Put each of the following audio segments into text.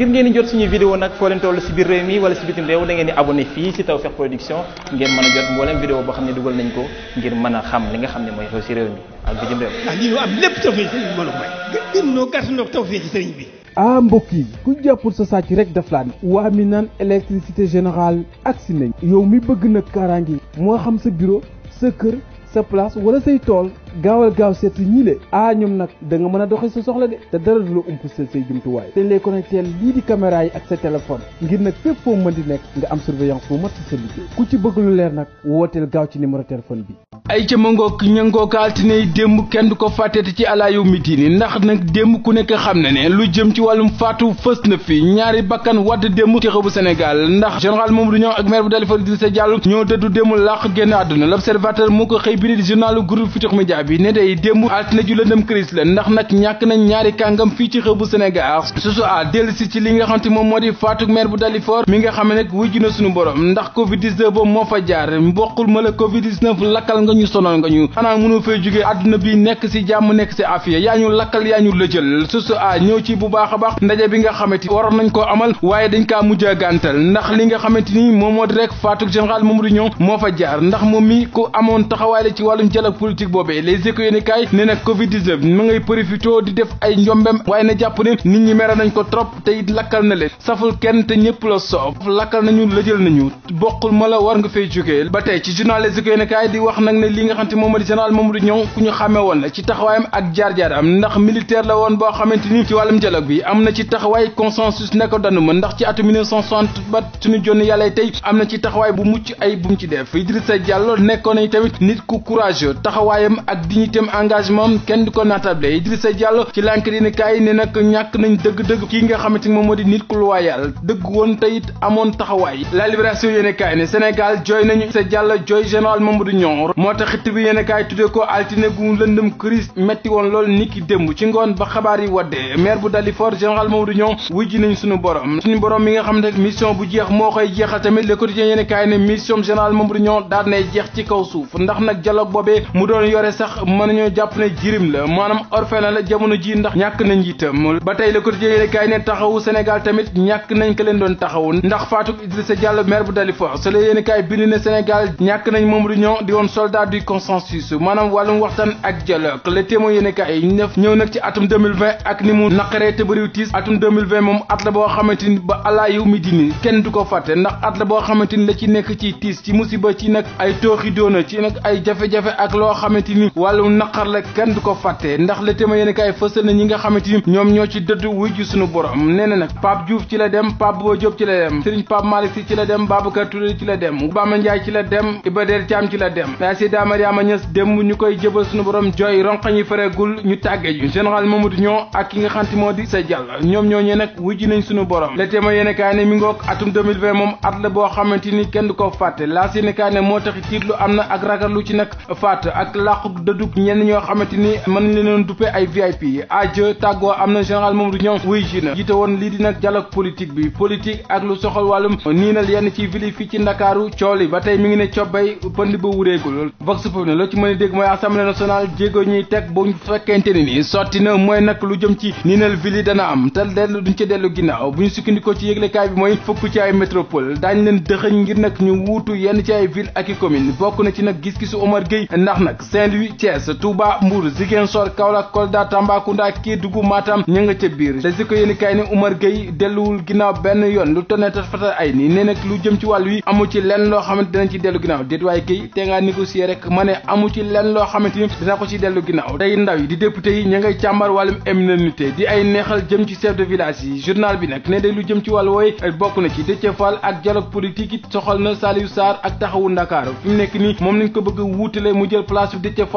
ngir ngeen di jot suñu vidéo nag foo leen toll si biir réew mi wala si bitim réew da ngeen di abonné fii si Tawfekh Production ngeen mën a jot mboolem vidéo boo xam ne dugal nañ ko ngir mën a xam li nga xam ne mooy xew si réew mi ak bitim ah, ah, yi ku jàppul sa sàcc rek daf laa ne. waa mi naan électricité générale agsi nañ. yow mi bëgg nag kaaraange moo xam sa bureau sa kër sa place wala say tool gaawal gaaw seetlu ñii le ah ñoom nag da nga mën a doxee sa soxla de te dara du la umpaseel say jumtuwaay dañ lay connecté lii di caméra yi ak sa téléphone ngir nag fépp foo mën di nekk nga am surveillance bu mat sa liggéey ku ci bëgg leer nag wooteel gaaw ci numéro téléphone bi. ay ca mangook ñangook altine démb kenn du ko fàtteete ci alaayu mitini ndax nag démb ku nekk xam ne ne lu jëm ci wàllum faatu fës na fi ñaari bakkan wadd démb ci xëbu Sénégal ndax général Mamadou Niang ak maire bi ne day démb altine ju lëndëm crise la ndax nag ñàkk nañ ñaari kàngam fii ci xew bu Sénégal susu a dellu si ci li nga xam te moom moo di faatu maire bu Dalifort mi nga xam ne nag wujju na suñu borom ndax covid boobu moo fa jaar mboqul ma la covid lakkal nga ñu sonal nga ñu xanaa mënu fay jógee àdduna bi nekk si jàmm nekk si afiya yaa ñu lakkal yaa ñu lëjël susu a ñëw ci bu baax a baax ndaje bi nga xamante waroon nañ koo amal waaye dañ kaa mujj a gàntal les éco yéen kaay ne nag covid 19 ma ngay profito di def ay njombem waaye na jàpp ne nit ñi mere nañ ko trop te it lakkal na leen saful kenn te ñëpp la soof lakkal nañu lëjël nañu bokkul ma la war nga fee jógee ba tey ci journal les éco yéen kaay di wax nag ne li nga xam te moom di général Mamadou Niang ku ñu xamee woon la ci taxawaayam ak jaar-jaaram ndax militaire la woon boo xamante ni ci wàllum dialogue bi am na ci taxawaay consensus ne ko danu ma ndax ci atum 1960 ba suñu jonn yàlla tey am na ci taxawaay bu mucc ay bu mu ci def Idrissa Diallo nekkoon na tamit nit ku taxawaayam ak dignitéem engagement am kenn di ko naatable Idrissa Diallo ci lànket yi ne kaay ne nag ñàkk nañ dëgg-dëgg kii nga xamante ni moom moo di nit ku loyal dëgg woon te it amoon taxawaay la libération yéene kaay ne Sénégal jooy nañu Idrissa Diallo jooy général Mamadou Nioro moo tax xit bi yéene kaay tuddee ko altine gu lëndëm crise metti woon lool ni ki démb ci ngoon ba xabaar yi waddee maire bu Dalifort général du Nioro wujji nañ suñu borom suñu boroom mi nga xam ne mission bu jeex moo koy jeexal tamit le quotidien yéene kaay ne mission général Mamadou Nioro daal nay jeex ci kaw sax mën ñoo jàpp ne jirim la waxtaan ak dialogue Le Témoin yéenekaay ñëw nag ci atum ak ni mu naqaree te bëriw tiis atum moom at la boo xamante ba alaa yow mi dini kenn du ko fàtte ndax at la boo xamante la ci nekk ci tiis ci musiba ci nag ay tooxi ci nag ay jafe-jafe ak loo xamante wàllu naqar la kenn du ko fàtte ndax le témoin yéen kaay fësal na ñi nga xamante ni ñoom ñoo ci dëdd wuy ji suñu borom nee na nag Pape Diouf ci la dem Pape Bouba Diop ci la dem Serigne Pape Malick Sy ci la dem Babacar Touré ci la dem Bamba Ndiaye ci la dem Iba Der ci la dem Seyda Mariama Niass démb ñu koy jëbal suñu borom jooy ronqañ yi faregul ñu tàggee ju général Mamadou Niang ak ki nga xamante moo di sa jàll ñoom ñoo nag wuy ji nañ sunu borom le témoin yéen kaay ne mi ngoog moom at xamante ni kenn du ko fàtte moo tax tiitlu am na ak dëddug ñenn ñoo xamante ni mën nañ leen duppe ay VIP aja tàggoo am na général Mamadou Niang wuy ji na jiite woon lii di nag dialogue politique bi politique ak lu soxal wàllum niinal yenn ci ville fii ci Ndakaaru cool yi ba tey mi ngi ne cobbay pënd ba wureegul vox pop ne loo ci mën a dégg mooy assemblée nationale jéego ñuy teg bu fekkente ni ni sotti na mooy nag lu jëm ci niinal ville yi dana am te dellu duñ ci dellu ginnaaw bu ñu sukkandikoo ci yëglekaay bi mooy fukk ci ay métropole daañ leen dëxëñ ngir nag ñu wuutu yenn ci ay ville ak bokk na ci nag gis-gisu Omar Gueye ndax nag Saint-Louis Thiès Touba Mbour Ziguinchor Kaolack Kolda Tambacounda Kédougou Matam ña nga ca biir le si ko yéen kaay ni Oumar Gueye delluwul ginnaaw benn yoon lu tonne tat fatal ay nii nee nag lu jëm ci wàllu yi amu ci lenn loo xamante dina ko ci dellu ginnaaw tey ndaw yi di député yi ña càmbar wàllum indemnité di ay neexal jëm ci chef de village yi journal bi nag ne day lu jëm ci wàllu wooye eh, bokk na ci Déthié Fall ak dialogue politique yi soxal na Saliou Sarr ak taxawu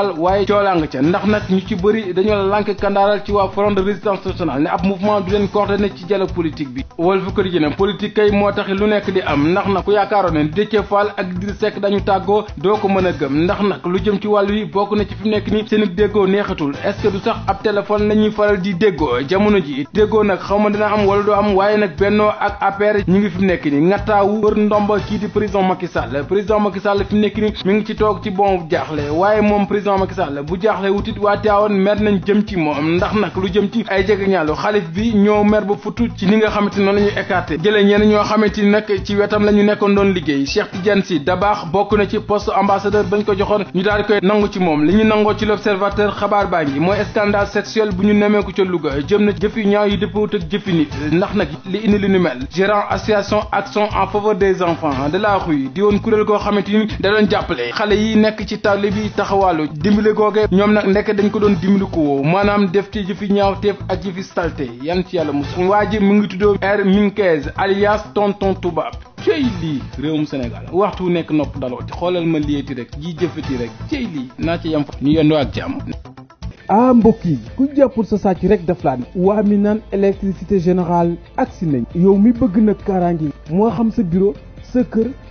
fal waaye coolaa nga ca ndax nag ñu ci bëri dañoo lànk kandaaral ci waa front de résistance nationale ne ab mouvement du leen coordonné ci dialogue politique bi Walf Quotidien ne politique kay moo taxi lu nekk di am ndax nag ku yaakaaroon ne Déthié Fall ak Idrissa Seck dañu tàggoo doo ko mën a gëm ndax nag lu jëm ci wàll wi bokk na ci fi nekk ni seen déggoo neexatul est du sax ab téléphone la faral di déggoo jamono ji déggoo nag xaw ma dina am wala du am waaye nag bennoo ak APR ñu ngi fi mu nekk ni ngattaawu wër ndomba kii di président Macky Sall président Macky Sall fi mu nekk ngi ci toog président Macky Sall bu jaaxle wutit waa Tivaouane mer nañ jëm ci moom ndax nag lu jëm ci ay jegeñaalu xalif bi ñoo mer ba futu ci ni nga xamante noonu la ñenn ñoo xamante nag ci wetam la nekkoon doon liggéey Cheikh Tidiane Sy Dabakh bokk na ci poste ambassadeur bañ ko joxoon ñu daal koy nangu ci moom li ñu nangoo ci l'observateur xabaar baa ngi mooy scandale sexuel bu ñu nemmeeku ca Louga jëm na jëf ñaaw yi dëppawut ak jëfi nit ndax nag li indi li nu mel gérant da doon jàppale xale yi dimbale googee ñoom nag ndekk dañ ko doon dimbali ko woowu maanaam def ci jëfi ñaawteef ak jëfi salte yan ci yàlla mos waa ji mu ngi tuddoo R Minquez alias tonton tubaab cey lii réewum Sénégal waxtu nekk nopp dalooti xoolal ma liyeeti rek ji jëfati rek cey lii naa ci yam fa ñu yendoo ak jàmm ah mbokk yi ku jàppul sa sàcc rek daf laa ne waa mi naan électricité ak si nañ yow mi bëgg nag kaaraange moo xam sa biro sa kër